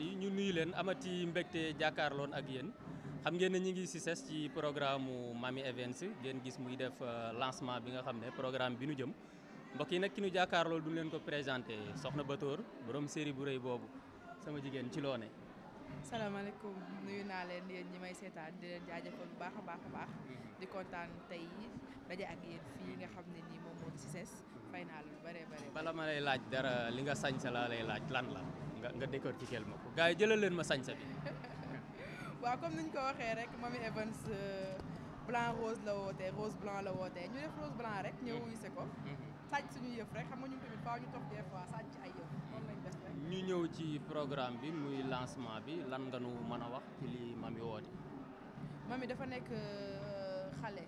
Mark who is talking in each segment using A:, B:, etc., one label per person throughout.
A: alxuraan yi ñu nuyu leen amati mbégte jàkkaarloon ak yéen xam ngeen na ñu ngi si ses ci programme mu Mamy Events ngeen gis muy def euh, lancement bi nga xam ne programme bi nu jëm mbokk yi nag ki nu jàkkaarlool duñ leen ko présenté soxna Batoor boroom série bu rëy boobu sama jigéen ci loone
B: salaamaaleykum nuyu naa leen yéen ñi may seetaan di leen jaajëfal bu baax a baax a baax mm-hmm. di kontaan tey daje ak yéen fii nga xam ne nii moom moo di ses mm-hmm. fay naa lu bëree bëri bala
A: ma laaj li nga sañ sa laaj lan la nga nga décortiquer ma ko gars yi jëlal leen ma sañsa bi.
B: waaw comme ni ñu ko waxee rek Mamy Evans euh, blanc rose la wootee rose blanc la wootee ñu def rose blanc rek. ñëw mm-hmm. wuyu ko. Mm-hmm. sàcc suñu yëf rek xam nga ñun tamit faaw ñu toog des fois sàcc ay yëf ñu
A: ñëw ci programme bi muy lansement bi lan nga nu mën a wax ci li Mamy woote.
B: Mamy euh, dafa nekk xale.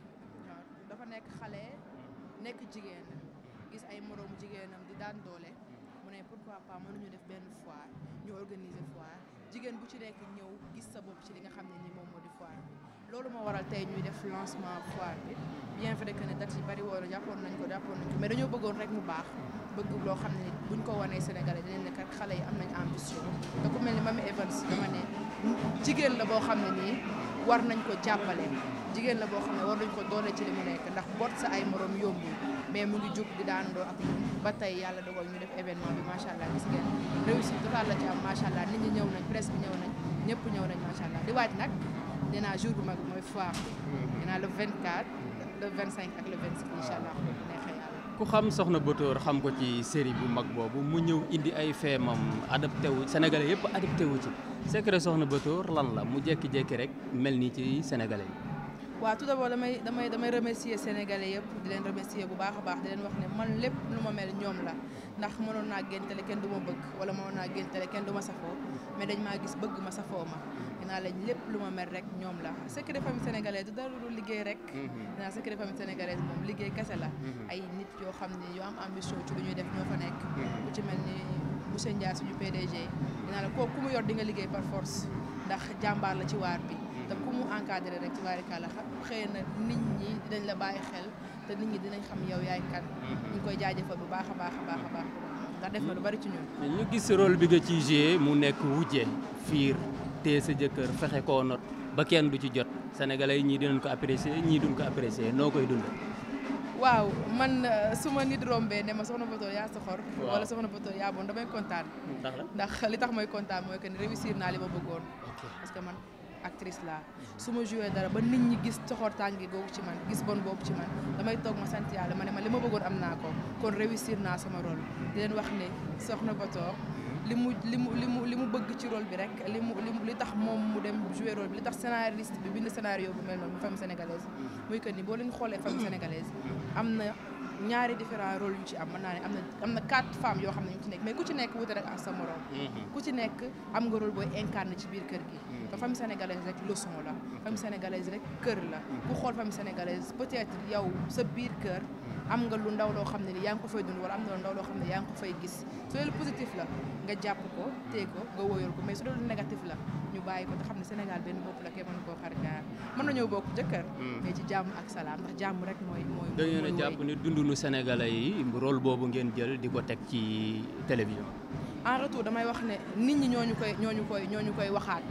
B: dafa nekk xale nekk jigéen gis ay moroomu jigéenam di daan doole. mais pourquoi pas mënuñu def benn foire ñu organiser foire jigéen bu ci nekk ñëw gis sa bopp ci li nga xam ne nii moom moo di foire loolu moo waral tey ñuy def lancement foire bi bien vrai que ne date yi bari woon jàppoon nañ ko jàppoon nañ ko mais dañoo bëggoon rek mu baax bëgg loo xam ne buñ ko wanee Sénégalais dinañ ne kat xale yi am nañ ambition te ku mel ni Mamy Evans dama ne. jigéen la boo xam ne nii war nañ ko jàppale jigéen la boo xam ne war nañ ko doole ci li nekk ndax boot sa ay morom yombul mais mu ngi jug di daandoo ak ñun ba tey yàlla dogal ñu def événement bi macha allah gis ngeen réussite totale la ci am macha allah nit ñi ñëw nañ presse ñëw nañ ñëpp ñëw nañ macha allah di waaj nag dina jour bu mag mooy foire bi nee vingt le 24 le 25 ak le 26 incha allah neexee
A: ku xam soxna Bator xam ko ci série bu mag boobu mu ñëw indi ay feemam adapté wu sénégalais yëpp adapté wu ci secret soxna Bator lan la mu jékki-jékki rek mel nii ci sénégalais yi.
B: waaw tout d'abord damay damay damay remercier sénégalais yëpp di leen remercier bu baax a baax di leen wax ne man lépp lu ma mel ñoom la ndax mënoon naa géntale kenn du ma bëgg wala mënoon naa géntale kenn du ma safoo mais dañ maa gis bëgg ma safoo ma. naa lépp lu ma mel rek ñoom la secret famille sénégalaise du dara lu liggéey rek mhm. naa secret famille sénégalaise moom liggéey kese la mhm. ay nit yoo xam ne yoo am ambition ci lu ñuy def ñoo fa nekk mhm. ku ci mel ni monsieur Ndiaye suñu PDG dinaa la kooku ku mu yor di nga liggéey par force ndax jàmbaar la ci waar bi te ku mu encadré rek ci waarika la xam xëy na nit ñi dinañ la bàyyi xel te nit ñi dinañ xam yow yaay kan ñu koy jaajëfal bu baax a baax a baax a baax ndax def na lu bari ci ñun
A: ñu gis rôle bi nga ci joué mu nekk wujje fiir téye sa jëkkër fexe koo not ba kenn du ci jot sénégalais yi ñii dinañ ko apprécier ñii duñ ko apprécier noo koy dund
B: waaw man euh, su ma nit rombee ne ma soxna Bator yaa soxor wala soxna Bator yaa bon damay kontaan ndax li tax mooy kontaan mooy que ni réussir naa li ma bëggoon parce que man actrice laa su ma joué dara ba nit ñi gis soxor tàngi googu ci man gis bon boobu ci man damay toog ma sant yàlla ma ne li ma bëggoon am naa ko kon réussir naa sama rôle di leen wax ne soxna Bator li mu li mu li mu li mu bëgg ci rôle bi rek li mu li tax moom mu dem jouer rôle bi li tax scénariste bi bind scénario bu mel noonu famille sénégalaise muy que ni boo leen xoolee famille sénégalaise am na ñaari différents rôles yu ci am ma naa am na am na quatre femmes yoo xam ne ñu ci nekk mais ku ci nekk wute rek ak sa morom mhm. ku ci nekk am nga rôle booy incarné ci biir kër gi mhm. te famille sénégalaise rek leçon la mhm. famille sénégalaise rek kër la ku xool famille sénégalaise peut-être yow sa biir kër am nga lu ndaw loo xam ne ni yaa ngi ko fay dund wala am nga lu ndaw loo xam ne yaa ngi ko fay gis su dee lu positif la nga jàpp ko téye ko nga wóoyool ko mais su dee lu négatif la ñu bàyyi ko te xam ne Sénégal benn bopp la kee mën koo xar ñaar mën nañoo bokk jëkkër hmm. mais ci jàmm ak salaam ndax jàmm rek mooy mooy da
A: ngeen a jàpp ni dundunu Sénégalais yi rôle boobu ngeen jël di ko teg ci télévision
B: en retour damay wax ne nit ñi ñooñu koy ñooñu koy ñooñu koy waxaat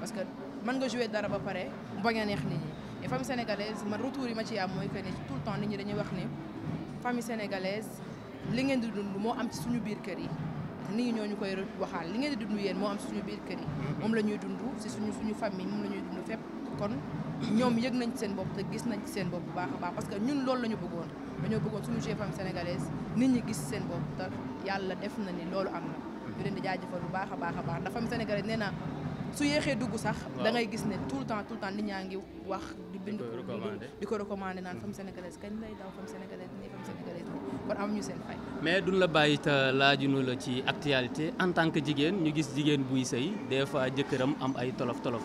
B: parce que mën nga jouer dara ba pare mbañ a neex nit ñi et famille sénégalaise man retour yi ma ci am mooy que ne tout le temps nit ñi dañuy wax ne famille sénégalaise li ngeen di dund moo am ci suñu biir kër yi nit ñi ñoo ñu koy waxaal li ngeen di dund yéen moo am ci suñu biir kër yi. moom la ñuy dund ci suñu suñu famille moom la ñuy dund fépp kon ñoom yëg nañ ci seen bopp te gis nañ ci seen bopp bu baax a baax parce que ñun loolu lañu bëggoon dañoo bëggoon suñu chef famille sénégalaise nit ñi gis seen bopp te yàlla def na ni loolu am na. ñu leen di bu baax a baax a baax ndax famille sénégalaise nee naa su yéexee dugg sax. da ngay gis ne tout le temps tout le nit ñaa ngi wax. di bind di ko recommandé naan femme sénégalaise kañ lay daw femme sénégalaise nii femme sénégalaise nii kon amuñu seen fay. mais
A: du la bàyyi te laajunu la ci actualité en tant que jigéen ñu gis jigéen buy sëy des fois jëkkëram am ay tolof tolof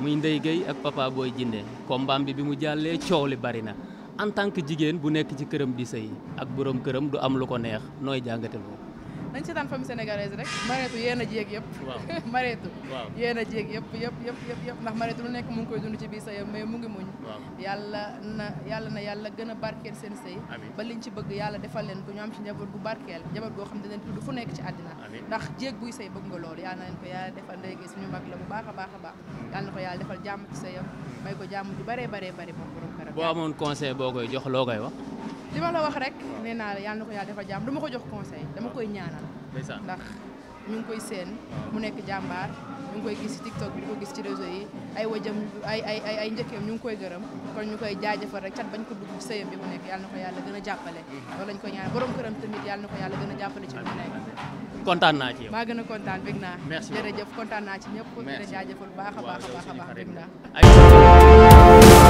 A: muy Ndeye gëy ak Papa Boy Djiné kombaam bi bi mu jàllee coow li bari na en tant que jigéen bu nekk ci këram di sëy ak borom këram du am lu ko neex nooy jàngate loolu
B: nañ seetaan famille sénégalaise rek Marietou yéen a jéeg yëpp Marietou yéen a jéeg yëpp yëpp yëpp yëpp yëpp ndax Marietou lu nekk mu ngi koy dund ci biir sëyam mais mu ngi muñ yàlla na yàlla na yàlla gën a barkeel seen sëy ba liñ ci bëgg yàlla defal leen ko ñu am ci njaboot bu barkeel njaboot goo xam ne fu nekk ci àddina ndax jéeg buy sëy bëgg nga loolu yàlla na leen ko yàlla suñu mag la bu baax a baax a baax yàlla ko yàlla defal jàmm ci sëyam may ko jàmm ju bare bare bare moom boo
A: amoon conseil boo koy jox loo koy wax
B: li ma la wax rek nee naa la yàlla na ko yàlla defal jàmm du ma ko jox conseil dama koy ñaanal ndax ñu ngi koy seen mu nekk jàmbaar mu ngi koy gis ci TikTok bi di ko gis ci réseau yi ay wajam ay ay ay ay njëkkeem ñu ngi koy gërëm kon ñu koy jaajëfal rek cat bañ ko dugg sëyam bi mu nekk yàlla na ko yàlla gën a jàppale mm-hmm. loolu lañ koy ñaanal borom këram tamit yàlla na ko yàlla gën a jàppale ci mu nekk
A: kontaan naa ci yow maa gën a kontaan bég naa jërëjëf kontaan naa ci ñëpp dina jaajëfal baax a baax a baax a baax bég naa